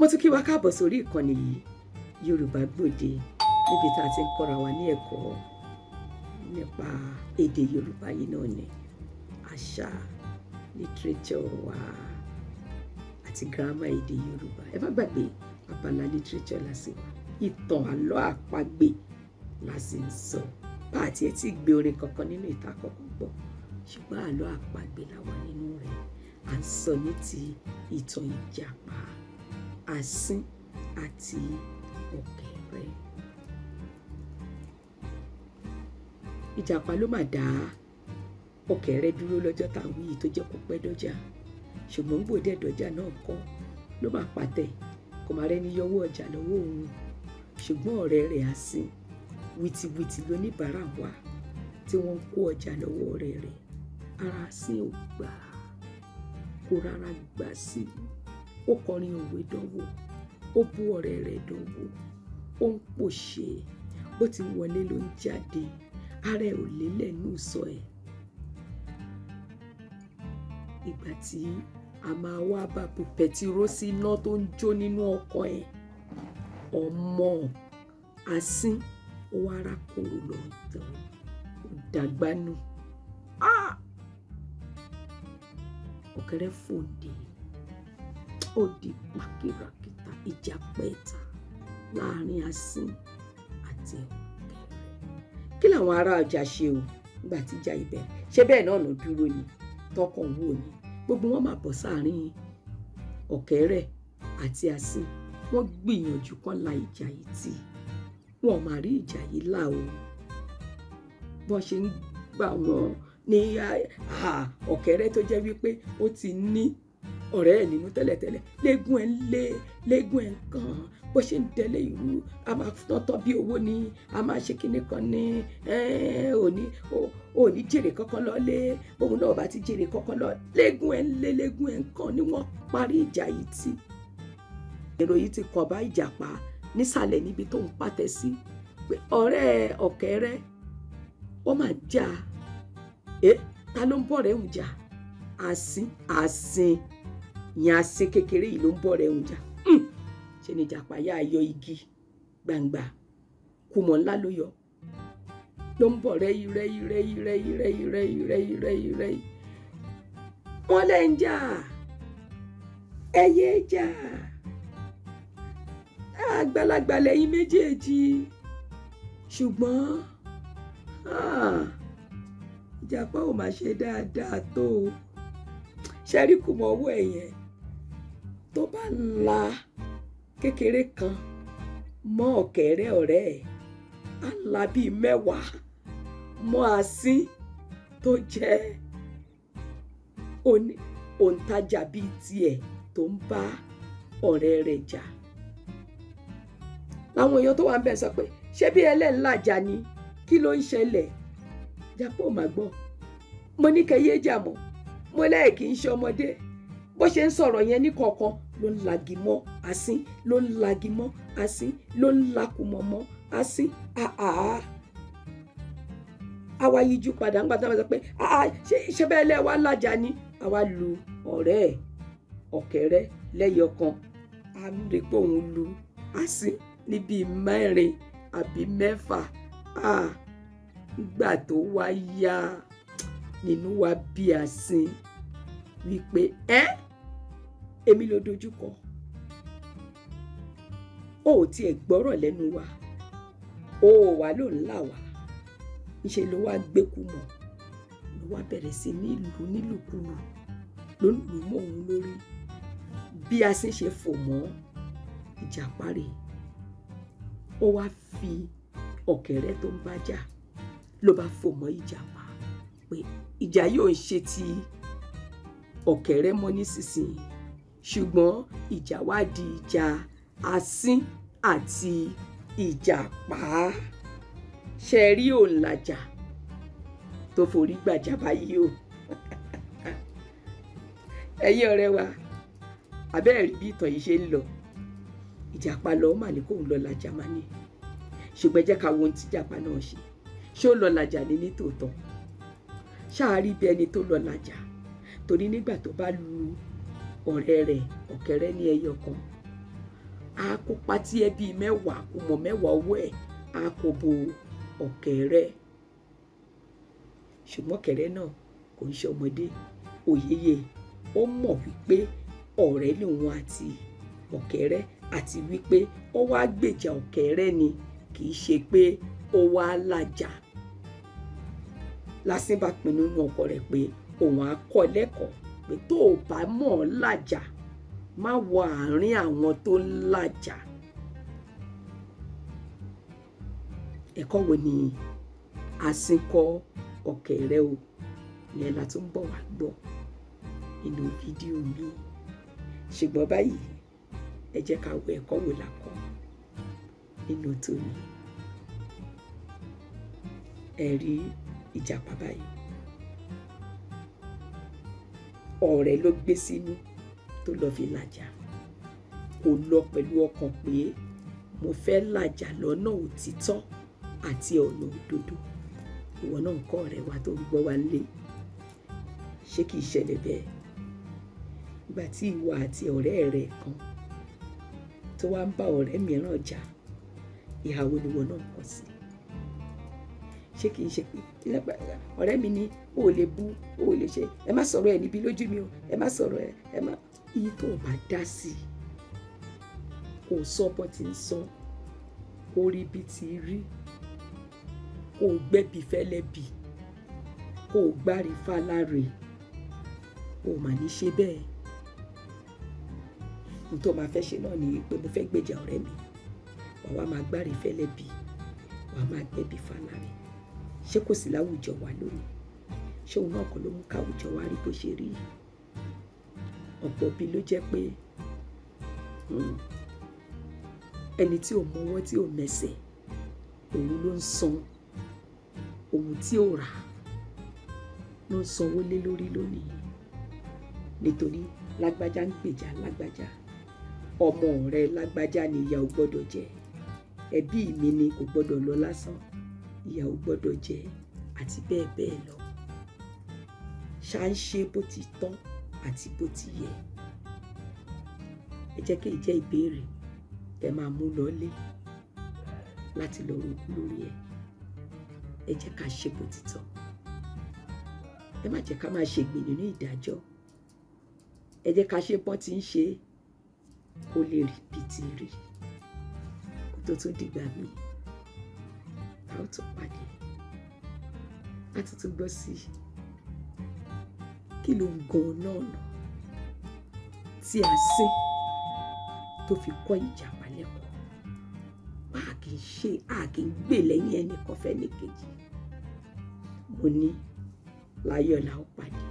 mo tún kí wa káàbọ̀ sórí ìkànnì yìí Yorùbá Gbòde níbi tá a ti ń kọ́ra wa ní ẹ̀kọ́ nípa èdè Yorùbá yìí náà ni àṣà lítírẹ́jọ wa àti gírámà èdè Yorùbá ẹ má gbàgbé abala lítírẹ́jọ lásì ìtàn àlọ́ àpagbè lásì ń sọ bá àti ẹ ti gbé orin kankan nínú ìta àkọ́kọ́ gbọ́ ṣùgbọ́n àlọ́ àpagbè làwọn nínú rẹ̀ à ń sọ ní ti ìtàn Ìjàpá asín àti ọ̀kẹ́rẹ́. ìjàpá ló mà dá ọ̀kẹ́rẹ́ dúró lọ́jọ́ tá a wí tó jẹ́ kó pẹ́ dọ́jà ṣùgbọ́n gbòdì ẹ̀dọ́jà náà kọ́ ló mà pàtẹ kò má rẹ́ni yọwọ́ ọjà lọ́wọ́ òun ṣùgbọ́n ọ̀rẹ́ rẹ̀ asín wìtìwìtì lóníbàárà wa tí wọ́n ń kó ọjà lọ́wọ́ ọ̀rẹ́ rẹ̀ ara asín ò gbà kó rárá gbà sí i ó kọrin òwe dánwò ó bú ọ̀rẹ́ rẹ̀ dánwò ó ń pòṣe bó ti wọlé ló ń jáde ara ẹ̀ ò lélẹ̀ ní ìsọ ẹ̀ ìgbà tí a máa wá bàbù pẹtiró sí iná tó ń jó nínú ọkọ ẹ̀ ọmọ asín ó wá ra kòrò lọ tán dàgbánu ọ̀kẹ́rẹ́ fòde. Ah! òdìbò kìràkìtà ìjà pẹ́ẹ́ta láàrin asín àti ọ̀kẹ́rẹ́ kí làwọn ará ọjà ṣe o nígbà tí ìjà ibẹ̀ ṣé bẹ́ẹ̀ náà nà dúró ni tọkàn wò ni gbogbo wọn máa bọ̀ sáàrin ọ̀kẹ́rẹ́ àti asín wọ́n gbìyànjú kán la ìjà yìí tì wọn máa rí ìjà yìí là o bó ṣe ń gbà wọn ní ọ̀kẹ́rẹ́ tó jẹ́ wípé ó ti ní ọ̀rẹ́ ẹ̀ nínú tẹ́lẹ̀tẹ́lẹ̀ léegun ẹ̀ ń lé léegun ẹ̀ ń kàn bó ṣe ń tẹ̀lé ìlú a máa tọ́tọ́ bí owó ni a máa ṣe kinní kan ní òní òní jèrè kankan lọ lé òun náà bá ti jèrè kankan lọ léegun ẹ̀ lé léegun ẹ̀ kàn ni wọ́n parí ìjà yìí tì èrò yìí ti kọ̀ bá ìjàpá nísàlẹ̀ níbi tó ń pàtẹ́ sí pé ọ̀rẹ́ ọ̀kẹ́ rẹ ó máa jà ẹ́ ta ló ń bọ̀ rẹ̀ ń jà àsìn àsìn ìyẹn asín kékeré yìí ló ń bọ̀ rẹ̀ ń jà ṣe ni ìjàpá yá ayọ̀ igi gbangba kùmọ̀ ńlá ló yọ ló ń bọ̀ rẹ́yí rẹ́yí rẹ́yí rẹ́yí rẹ́yí rẹ́yí rẹ́yí rẹ́yí rẹ́yí wọ́n lẹ́ ń jà ẹyẹ jà àgbàlagbà lẹ́yìn méjèèjì ṣùgbọ́n ah, ìjàpá ò mà ṣe dáadáa tó ṣẹ́ríkù mọ́ owó ẹ̀yẹn tó bá la kékeré kan mọ́ ọ̀kẹ́rẹ́ ọ̀rẹ́ ẹ̀ á la bíi mẹ́wàá mọ́ asín tó jẹ́ òǹtajà bíi tiẹ̀ tó ń bá ọ̀rẹ́ rẹ̀ jà làwọn èèyàn tó wà ń bẹ̀ sọ pé ṣé bí ẹlẹ́ńlájà ni kí ló ń ṣẹlẹ̀ jápọ̀ màgbọ́ mo ní kẹyé jà mọ́ mo lẹ́ẹ̀kì ń ṣe ọmọdé bó ṣe ń sọ̀rọ̀ yẹn ní kọ̀ọ̀kan ló ń lagi mọ́ asín ló ń lagi mọ́ asín ló ń lakùmọ̀ mọ́ asín àá àwa yíjú padà ńgbà táwọn sọ pé àá ṣe bẹ́ẹ̀ lẹ́ wa lájà ni àwa lu ọ̀rẹ́ ẹ̀ ọ̀kẹ́rẹ́ lẹ́yọ kan a rí pé òun lu asín níbi mẹ́rin àbí mẹ́fà nígbà tó wá yá nínú wa bí asín wípé ẹ́. Eh? èmi ló dojúkọ o ò tiẹ̀ gbọ́rọ̀ lẹ́nu wa o ò wá ló ń là wá ńṣe ló wá gbẹ́kú mọ́ ló wá bẹ̀rẹ̀ sí ní nílùkulù ló ń lù mọ́ òun lórí bí a sì ṣe fò mọ́ ìjà parí ó wá fi ọ̀kẹ́rẹ́ tó ń bá jà ló bá fò mọ́ ìjà pa pé ìjà yóò ń ṣe ti ọ̀kẹ́rẹ́ mọ́ nísinsìnyí ṣùgbọ́n ìjà wá di ìjà asín àti ìjàpá ṣe rí òǹlàjà tó forí gbàjà báyìí o ẹ̀yin ọ̀rẹ́ wa abẹ́rẹ́ bí ìtàn yìí ṣe ń lọ ìjàpá lọ mà ní kóun lọ làjà má ní ṣùgbọ́n jẹ́ ká wo ohun tí ìjàpá náà ṣe ṣé ó lọ làjà ní nítòótọ́ ṣáà rí bí ẹni tó lọ làjà torí nígbà tó bá lu ọ̀rẹ́ rẹ̀ ọ̀kẹ́rẹ́ ní ẹyọ kan á kó pátí ẹbí mẹ́wàá kó mọ̀ mẹ́wàá owó ẹ̀ á kó bo ọ̀kẹ́rẹ́ ṣùgbọ́n ọ̀kẹ́rẹ́ náà kò ń ṣe ọmọdé òyeyè ó mọ̀ wípé ọ̀rẹ́ lòun àti ọ̀kẹ́rẹ́ àti wípé ó wá gbèjà ọ̀kẹ́rẹ́ ni kì í ṣe pé ó wá làjà lásìbà pinnu nínú ọkọ rẹ̀ pé òun á kọ́ lẹ́kọ̀ọ́ pé tó o bá mọ̀ ọ́ làjà má wọ àárín àwọn tó ń làjà. ẹ̀kọ́ wo ni àsìkò ọ̀kẹ́ rẹ o yẹn la tún bọ̀ wá gbọ́ nínú fídíò mi ṣùgbọ́n báyìí ẹ jẹ́ ká wo ẹ̀kọ́ wo la kọ́ nínú tòní ẹ̀rí ìjàpá báyìí ọ̀rẹ́ ló gbé sínú tó lọ́ọ́ fi làjà kò lọ pẹ̀lú ọkàn pé mo fẹ́ làjà lọ́nà òtítọ́ àti ọ̀nà òdodo ìwọ náà ń kọ́ ọ̀rẹ́ wa tó ń gbọ́ wa lé ṣé kìí ṣẹlẹ̀ bẹ́ẹ̀ ìgbà tí ìwọ àti ọ̀rẹ́ rẹ kan tó wá ń bá ọ̀rẹ́ mìíràn jà ìhàwó ni ìwọ náà kọ sí ṣé kì í ṣe ọ̀rẹ́ mi ni o ò lè bú o ò lè ṣe ẹ má sọ̀rọ̀ ẹ níbi lójú mi o ẹ má sọ̀rọ̀ ẹ ẹ má iye tó o bá dá sí kò sọ bó ti ń sọ orí bí ti rí kò gbẹ́bí fẹ́lẹ́bí kò gbárí fáláre o mà ní ṣe bẹ́ẹ̀ n tó máa fẹ́ ṣe náà ni pé mo fẹ́ gbèjà ọ̀rẹ́ mi wàá máa gbárí fẹ́lẹ́bí wàá máa gbẹ́bí fáláre ṣé kò sí láwùjọ wa lónìí ṣé òun náà kọ́ ló mú káwùjọ wa rí bó ṣe rí ọ̀pọ̀ bí ló jẹ́ pé hmm, ẹni tí ò mọwọ́ tí ò mẹsẹ̀ òun ló ń san ohun tí ò rà ló ń sanwó lé lórí lónìí nítorí lágbájá ń gbèjà lágbájá ọmọ rẹ lágbájá ni ìyá ò gbọ́dọ̀ jẹ ẹbí mi ni kò gbọ́dọ̀ lọ lásán ìyàwó gbọ́dọ̀ jẹ àti bẹ́ẹ̀ bẹ́ẹ̀ lọ ṣá ń ṣe bó ti tọ́ àti bó ti yẹ ẹ jẹ́ kí jẹ́ ìbéèrè tẹ máa mú lọlé láti lọ rògbò lórí ẹ ẹ jẹ́ ká ṣe bó ti tọ́ ẹ má jẹ́ ká máa ṣègbè nínú ìdájọ́ ẹ jẹ́ ká ṣe bọ́n ti ń ṣe kó lè rí bíi ti rí kó tó tún dìgbà míì a ó tún pàdé a tún tún gbọ́ sí kí ló ń gan náà nà tí a sé tó fi kọ́ ìjàpá lẹ́kọ̀ọ́ a kì í ṣe a kì í gbè lẹ́yìn ẹnìkan fẹ́ni kejì mo ní láyọ̀ la pàdé.